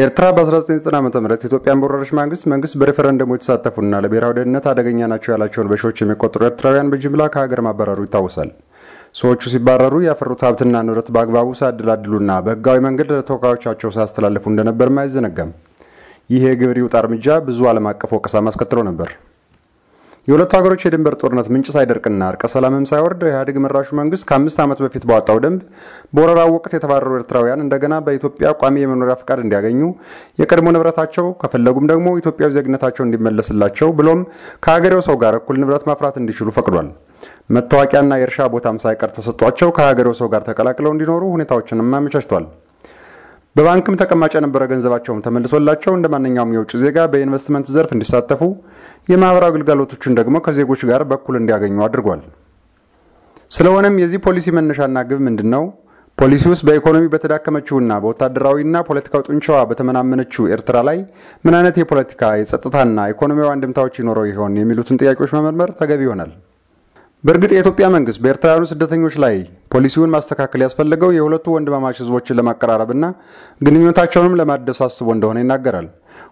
ኤርትራ በ1990 ዓ ም ኢትዮጵያን በወረረች ማግስት መንግስት በሬፈረንደሙ የተሳተፉና ለብሔራዊ ደህንነት አደገኛ ናቸው ያላቸውን በሺዎች የሚቆጠሩ ኤርትራውያን በጅምላ ከሀገር ማባረሩ ይታወሳል። ሰዎቹ ሲባረሩ ያፈሩት ሀብትና ንብረት በአግባቡ ሳያደላድሉና በህጋዊ መንገድ ለተወካዮቻቸው ሳያስተላልፉ እንደነበርም አይዘነጋም። ይህ የግብር ይውጣ እርምጃ ብዙ ዓለም አቀፍ ወቀሳም አስከትሎ ነበር። የሁለቱ ሀገሮች የድንበር ጦርነት ምንጭ ሳይደርቅና እርቀ ሰላምም ሳይወርድ ኢህአዴግ መራሹ መንግስት ከአምስት ዓመት በፊት ባወጣው ደንብ በወረራው ወቅት የተባረሩ ኤርትራውያን እንደገና በኢትዮጵያ ቋሚ የመኖሪያ ፍቃድ እንዲያገኙ፣ የቀድሞ ንብረታቸው ከፈለጉም ደግሞ ኢትዮጵያዊ ዜግነታቸው እንዲመለስላቸው ብሎም ከሀገሬው ሰው ጋር እኩል ንብረት ማፍራት እንዲችሉ ፈቅዷል። መታወቂያና የእርሻ ቦታም ሳይቀር ተሰጧቸው ከሀገሬው ሰው ጋር ተቀላቅለው እንዲኖሩ ሁኔታዎችንም አመቻችቷል። በባንክም ተቀማጭ የነበረ ገንዘባቸውም ተመልሶላቸው እንደ ማንኛውም የውጭ ዜጋ በኢንቨስትመንት ዘርፍ እንዲሳተፉ፣ የማህበራዊ አገልግሎቶቹን ደግሞ ከዜጎች ጋር በኩል እንዲያገኙ አድርጓል። ስለሆነም የዚህ ፖሊሲ መነሻና ግብ ምንድን ነው? ፖሊሲ ውስጥ በኢኮኖሚ በተዳከመችውና በወታደራዊና ፖለቲካዊ ጡንቻዋ በተመናመነችው ኤርትራ ላይ ምን አይነት የፖለቲካ የጸጥታና ኢኮኖሚያዊ አንድምታዎች ይኖረው ይሆን የሚሉትን ጥያቄዎች መመርመር ተገቢ ይሆናል። በእርግጥ የኢትዮጵያ መንግስት በኤርትራውያኑ ስደተኞች ላይ ፖሊሲውን ማስተካከል ያስፈለገው የሁለቱ ወንድማማች ህዝቦችን ለማቀራረብና ግንኙነታቸውንም ለማደስ አስቦ እንደሆነ ይናገራል።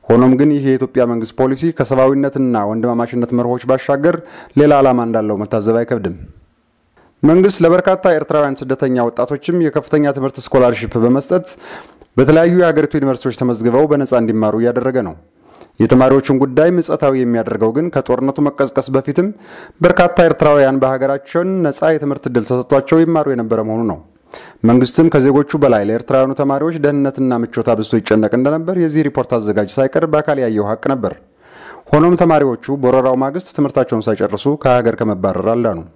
ሆኖም ግን ይህ የኢትዮጵያ መንግስት ፖሊሲ ከሰብአዊነትና ወንድማማችነት መርሆች ባሻገር ሌላ ዓላማ እንዳለው መታዘብ አይከብድም። መንግስት ለበርካታ ኤርትራውያን ስደተኛ ወጣቶችም የከፍተኛ ትምህርት ስኮላርሽፕ በመስጠት በተለያዩ የሀገሪቱ ዩኒቨርሲቲዎች ተመዝግበው በነፃ እንዲማሩ እያደረገ ነው። የተማሪዎቹን ጉዳይ ምጸታዊ የሚያደርገው ግን ከጦርነቱ መቀዝቀስ በፊትም በርካታ ኤርትራውያን በሀገራቸውን ነፃ የትምህርት እድል ተሰጥቷቸው ይማሩ የነበረ መሆኑ ነው። መንግስትም ከዜጎቹ በላይ ለኤርትራውያኑ ተማሪዎች ደህንነትና ምቾት አብዝቶ ይጨነቅ እንደነበር የዚህ ሪፖርት አዘጋጅ ሳይቀር በአካል ያየው ሀቅ ነበር። ሆኖም ተማሪዎቹ በወረራው ማግስት ትምህርታቸውን ሳይጨርሱ ከሀገር ከመባረር አልዳኑም።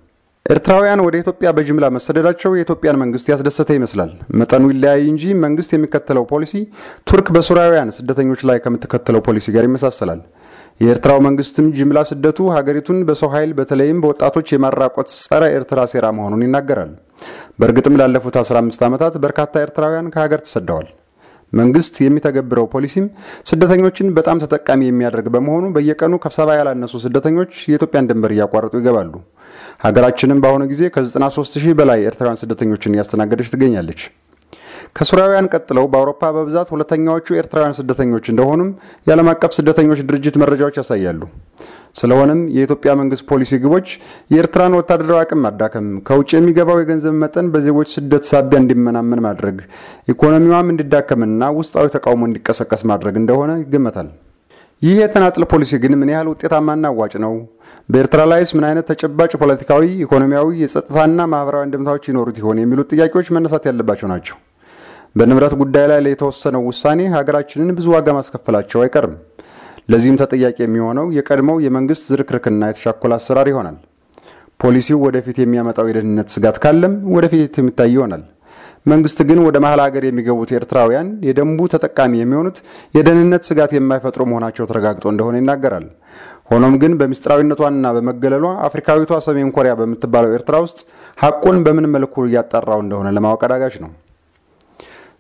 ኤርትራውያን ወደ ኢትዮጵያ በጅምላ መሰደዳቸው የኢትዮጵያን መንግስት ያስደሰተ ይመስላል። መጠኑ ይለያይ እንጂ መንግስት የሚከተለው ፖሊሲ ቱርክ በሱሪያውያን ስደተኞች ላይ ከምትከተለው ፖሊሲ ጋር ይመሳሰላል። የኤርትራው መንግስትም ጅምላ ስደቱ ሀገሪቱን በሰው ኃይል በተለይም በወጣቶች የማራቆት ጸረ ኤርትራ ሴራ መሆኑን ይናገራል። በእርግጥም ላለፉት 15 ዓመታት በርካታ ኤርትራውያን ከሀገር ተሰደዋል። መንግስት የሚተገብረው ፖሊሲም ስደተኞችን በጣም ተጠቃሚ የሚያደርግ በመሆኑ በየቀኑ ከሰባ ያላነሱ ስደተኞች የኢትዮጵያን ድንበር እያቋረጡ ይገባሉ። ሀገራችንም በአሁኑ ጊዜ ከ93 ሺህ በላይ ኤርትራውያን ስደተኞችን እያስተናገደች ትገኛለች። ከሱሪያውያን ቀጥለው በአውሮፓ በብዛት ሁለተኛዎቹ ኤርትራውያን ስደተኞች እንደሆኑም የዓለም አቀፍ ስደተኞች ድርጅት መረጃዎች ያሳያሉ። ስለሆነም የኢትዮጵያ መንግስት ፖሊሲ ግቦች የኤርትራን ወታደራዊ አቅም ማዳከም፣ ከውጭ የሚገባው የገንዘብ መጠን በዜጎች ስደት ሳቢያ እንዲመናመን ማድረግ፣ ኢኮኖሚዋም እንዲዳከምና ውስጣዊ ተቃውሞ እንዲቀሰቀስ ማድረግ እንደሆነ ይገመታል። ይህ የተናጥል ፖሊሲ ግን ምን ያህል ውጤታማና አዋጭ ነው? በኤርትራ ላይስ ምን አይነት ተጨባጭ ፖለቲካዊ፣ ኢኮኖሚያዊ፣ የጸጥታና ማህበራዊ አንድምታዎች ይኖሩት ይሆን የሚሉት ጥያቄዎች መነሳት ያለባቸው ናቸው። በንብረት ጉዳይ ላይ የተወሰነው ውሳኔ ሀገራችንን ብዙ ዋጋ ማስከፈላቸው አይቀርም። ለዚህም ተጠያቂ የሚሆነው የቀድሞው የመንግስት ዝርክርክና የተሻኮለ አሰራር ይሆናል። ፖሊሲው ወደፊት የሚያመጣው የደህንነት ስጋት ካለም ወደፊት የሚታይ ይሆናል። መንግስት ግን ወደ መሀል ሀገር የሚገቡት ኤርትራውያን የደንቡ ተጠቃሚ የሚሆኑት የደህንነት ስጋት የማይፈጥሩ መሆናቸው ተረጋግጦ እንደሆነ ይናገራል። ሆኖም ግን በምስጢራዊነቷና በመገለሏ አፍሪካዊቷ ሰሜን ኮሪያ በምትባለው ኤርትራ ውስጥ ሀቁን በምን መልኩ እያጣራው እንደሆነ ለማወቅ አዳጋች ነው።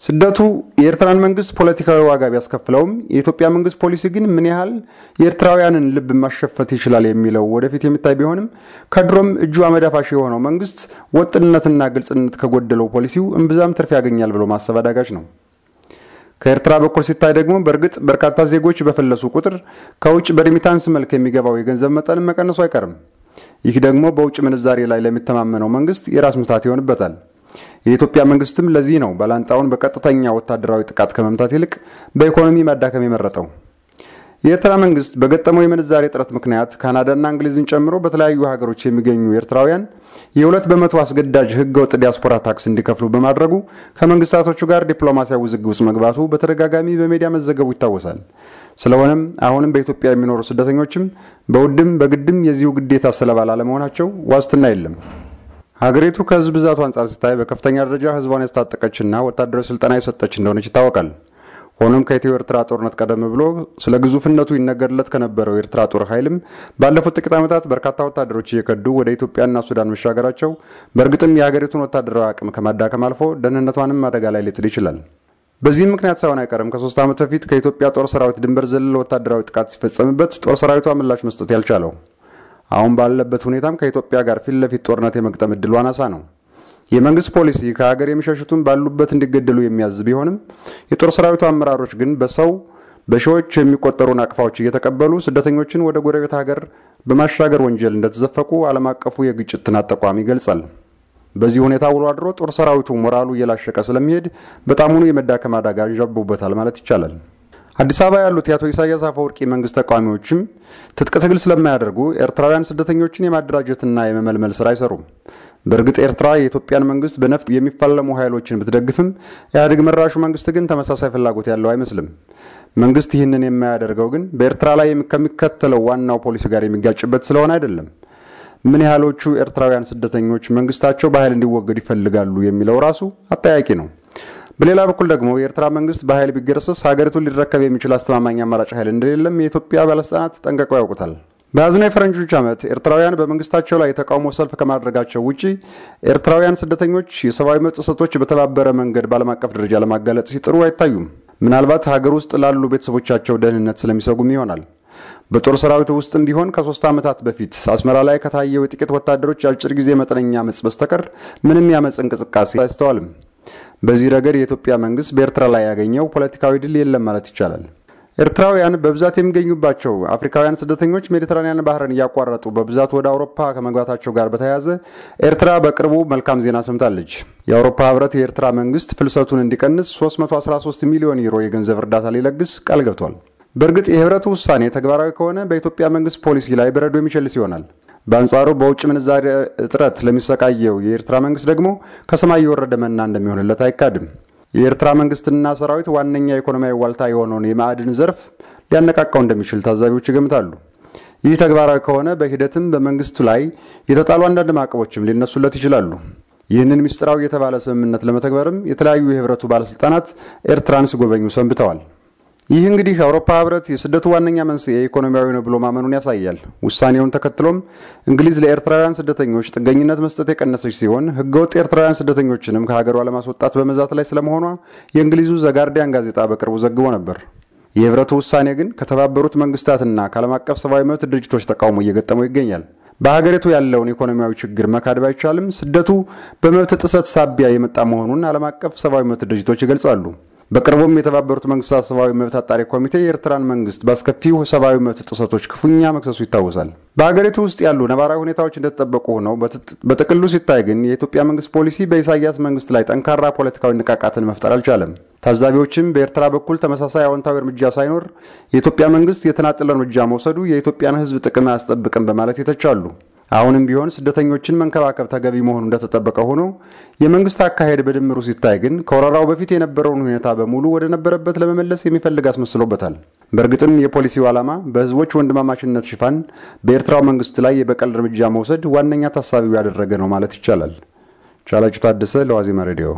ስደቱ የኤርትራን መንግስት ፖለቲካዊ ዋጋ ቢያስከፍለውም የኢትዮጵያ መንግስት ፖሊሲ ግን ምን ያህል የኤርትራውያንን ልብ ማሸፈት ይችላል የሚለው ወደፊት የሚታይ ቢሆንም ከድሮም እጁ አመዳፋሽ የሆነው መንግስት ወጥነትና ግልጽነት ከጎደለው ፖሊሲው እምብዛም ትርፍ ያገኛል ብሎ ማሰብ አዳጋች ነው። ከኤርትራ በኩል ሲታይ ደግሞ በእርግጥ በርካታ ዜጎች በፈለሱ ቁጥር ከውጭ በሪሚታንስ መልክ የሚገባው የገንዘብ መጠን መቀነሱ አይቀርም። ይህ ደግሞ በውጭ ምንዛሬ ላይ ለሚተማመነው መንግስት የራስ ምታት ይሆንበታል። የኢትዮጵያ መንግስትም ለዚህ ነው ባላንጣውን በቀጥተኛ ወታደራዊ ጥቃት ከመምታት ይልቅ በኢኮኖሚ ማዳከም የመረጠው። የኤርትራ መንግስት በገጠመው የምንዛሬ እጥረት ምክንያት ካናዳና እንግሊዝን ጨምሮ በተለያዩ ሀገሮች የሚገኙ ኤርትራውያን የሁለት በመቶ አስገዳጅ ህገወጥ ዲያስፖራ ታክስ እንዲከፍሉ በማድረጉ ከመንግስታቶቹ ጋር ዲፕሎማሲያዊ ውዝግብ ውስጥ መግባቱ በተደጋጋሚ በሜዲያ መዘገቡ ይታወሳል። ስለሆነም አሁንም በኢትዮጵያ የሚኖሩ ስደተኞችም በውድም በግድም የዚሁ ግዴታ ሰለባ ላለመሆናቸው ዋስትና የለም። ሀገሪቱ ከህዝብ ብዛቱ አንጻር ሲታይ በከፍተኛ ደረጃ ህዝቧን ያስታጠቀችና ወታደራዊ ስልጠና የሰጠች እንደሆነች ይታወቃል። ሆኖም ከኢትዮ ኤርትራ ጦርነት ቀደም ብሎ ስለ ግዙፍነቱ ይነገርለት ከነበረው የኤርትራ ጦር ኃይልም ባለፉት ጥቂት ዓመታት በርካታ ወታደሮች እየከዱ ወደ ኢትዮጵያና ሱዳን መሻገራቸው በእርግጥም የሀገሪቱን ወታደራዊ አቅም ከማዳከም አልፎ ደህንነቷንም አደጋ ላይ ሊጥል ይችላል። በዚህም ምክንያት ሳይሆን አይቀርም ከሶስት ዓመት በፊት ከኢትዮጵያ ጦር ሰራዊት ድንበር ዘለል ወታደራዊ ጥቃት ሲፈጸምበት ጦር ሰራዊቷ ምላሽ መስጠት ያልቻለው አሁን ባለበት ሁኔታም ከኢትዮጵያ ጋር ፊት ለፊት ጦርነት የመግጠም እድሉ አናሳ ነው። የመንግስት ፖሊሲ ከሀገር የሚሸሹትን ባሉበት እንዲገደሉ የሚያዝ ቢሆንም የጦር ሰራዊቱ አመራሮች ግን በሰው በሺዎች የሚቆጠሩ ናቅፋዎች እየተቀበሉ ስደተኞችን ወደ ጎረቤት ሀገር በማሻገር ወንጀል እንደተዘፈቁ ዓለም አቀፉ የግጭት ጥናት ተቋም ይገልጻል። በዚህ ሁኔታ ውሎ አድሮ ጦር ሰራዊቱ ሞራሉ እየላሸቀ ስለሚሄድ ሁኑ የመዳከም አደጋ ዣቦበታል ማለት ይቻላል። አዲስ አበባ ያሉት የአቶ ኢሳያስ አፈወርቂ መንግስት ተቃዋሚዎችም ትጥቅ ትግል ስለማያደርጉ ኤርትራውያን ስደተኞችን የማደራጀትና የመመልመል ስራ አይሰሩም። በእርግጥ ኤርትራ የኢትዮጵያን መንግስት በነፍጥ የሚፋለሙ ኃይሎችን ብትደግፍም ኢህአዴግ መራሹ መንግስት ግን ተመሳሳይ ፍላጎት ያለው አይመስልም። መንግስት ይህንን የማያደርገው ግን በኤርትራ ላይ ከሚከተለው ዋናው ፖሊሲ ጋር የሚጋጭበት ስለሆነ አይደለም። ምን ያህሎቹ ኤርትራውያን ስደተኞች መንግስታቸው በኃይል እንዲወገድ ይፈልጋሉ የሚለው ራሱ አጠያቂ ነው። በሌላ በኩል ደግሞ የኤርትራ መንግስት በኃይል ቢገረሰስ ሀገሪቱን ሊረከብ የሚችል አስተማማኝ አማራጭ ኃይል እንደሌለም የኢትዮጵያ ባለስልጣናት ጠንቀቀው ያውቁታል። በያዝነው የፈረንጆች ዓመት ኤርትራውያን በመንግስታቸው ላይ የተቃውሞ ሰልፍ ከማድረጋቸው ውጪ ኤርትራውያን ስደተኞች የሰብአዊ መብት ጥሰቶች በተባበረ መንገድ በዓለም አቀፍ ደረጃ ለማጋለጥ ሲጥሩ አይታዩም። ምናልባት ሀገር ውስጥ ላሉ ቤተሰቦቻቸው ደህንነት ስለሚሰጉም ይሆናል። በጦር ሰራዊቱ ውስጥ እንዲሆን ከሶስት ዓመታት በፊት አስመራ ላይ ከታየው የጥቂት ወታደሮች የአጭር ጊዜ መጠነኛ አመፅ በስተቀር ምንም ያመፅ እንቅስቃሴ አይስተዋልም። በዚህ ረገድ የኢትዮጵያ መንግስት በኤርትራ ላይ ያገኘው ፖለቲካዊ ድል የለም ማለት ይቻላል። ኤርትራውያን በብዛት የሚገኙባቸው አፍሪካውያን ስደተኞች ሜዲትራኒያን ባህርን እያቋረጡ በብዛት ወደ አውሮፓ ከመግባታቸው ጋር በተያያዘ ኤርትራ በቅርቡ መልካም ዜና ሰምታለች። የአውሮፓ ህብረት የኤርትራ መንግስት ፍልሰቱን እንዲቀንስ 313 ሚሊዮን ዩሮ የገንዘብ እርዳታ ሊለግስ ቃል ገብቷል። በእርግጥ የህብረቱ ውሳኔ ተግባራዊ ከሆነ በኢትዮጵያ መንግስት ፖሊሲ ላይ በረዶ የሚቸልስ ይሆናል። በአንጻሩ በውጭ ምንዛሪ እጥረት ለሚሰቃየው የኤርትራ መንግስት ደግሞ ከሰማይ የወረደ መና እንደሚሆንለት አይካድም። የኤርትራ መንግስትና ሰራዊት ዋነኛ ኢኮኖሚያዊ ዋልታ የሆነውን የማዕድን ዘርፍ ሊያነቃቃው እንደሚችል ታዛቢዎች ይገምታሉ። ይህ ተግባራዊ ከሆነ በሂደትም በመንግስቱ ላይ የተጣሉ አንዳንድ ማዕቀቦችም ሊነሱለት ይችላሉ። ይህንን ምስጢራዊ የተባለ ስምምነት ለመተግበርም የተለያዩ የህብረቱ ባለስልጣናት ኤርትራን ሲጎበኙ ሰንብተዋል። ይህ እንግዲህ አውሮፓ ህብረት የስደቱ ዋነኛ መንስኤ ኢኮኖሚያዊ ነው ብሎ ማመኑን ያሳያል። ውሳኔውን ተከትሎም እንግሊዝ ለኤርትራውያን ስደተኞች ጥገኝነት መስጠት የቀነሰች ሲሆን ህገወጥ ኤርትራውያን ስደተኞችንም ከሀገሯ ለማስወጣት በመዛት ላይ ስለመሆኗ የእንግሊዙ ዘጋርዲያን ጋዜጣ በቅርቡ ዘግቦ ነበር። የህብረቱ ውሳኔ ግን ከተባበሩት መንግስታትና ከዓለም አቀፍ ሰብአዊ መብት ድርጅቶች ተቃውሞ እየገጠመው ይገኛል። በሀገሪቱ ያለውን ኢኮኖሚያዊ ችግር መካድ ባይቻልም ስደቱ በመብት ጥሰት ሳቢያ የመጣ መሆኑን ዓለም አቀፍ ሰብአዊ መብት ድርጅቶች ይገልጻሉ። በቅርቡም የተባበሩት መንግስታት ሰብአዊ መብት አጣሪ ኮሚቴ የኤርትራን መንግስት በአስከፊው ሰብአዊ መብት ጥሰቶች ክፉኛ መክሰሱ ይታወሳል። በሀገሪቱ ውስጥ ያሉ ነባራዊ ሁኔታዎች እንደተጠበቁ ሆነው በጥቅሉ ሲታይ ግን የኢትዮጵያ መንግስት ፖሊሲ በኢሳያስ መንግስት ላይ ጠንካራ ፖለቲካዊ ንቃቃትን መፍጠር አልቻለም። ታዛቢዎችም በኤርትራ በኩል ተመሳሳይ አዎንታዊ እርምጃ ሳይኖር የኢትዮጵያ መንግስት የተናጠለ እርምጃ መውሰዱ የኢትዮጵያን ህዝብ ጥቅም አያስጠብቅም በማለት ይተቻሉ። አሁንም ቢሆን ስደተኞችን መንከባከብ ተገቢ መሆኑ እንደተጠበቀ ሆኖ የመንግስት አካሄድ በድምሩ ሲታይ ግን ከወረራው በፊት የነበረውን ሁኔታ በሙሉ ወደ ነበረበት ለመመለስ የሚፈልግ አስመስሎበታል። በእርግጥም የፖሊሲው ዓላማ በህዝቦች ወንድማማችነት ሽፋን በኤርትራው መንግስት ላይ የበቀል እርምጃ መውሰድ ዋነኛ ታሳቢው ያደረገ ነው ማለት ይቻላል። ቻላጭ ታደሰ ለዋዜማ ሬዲዮ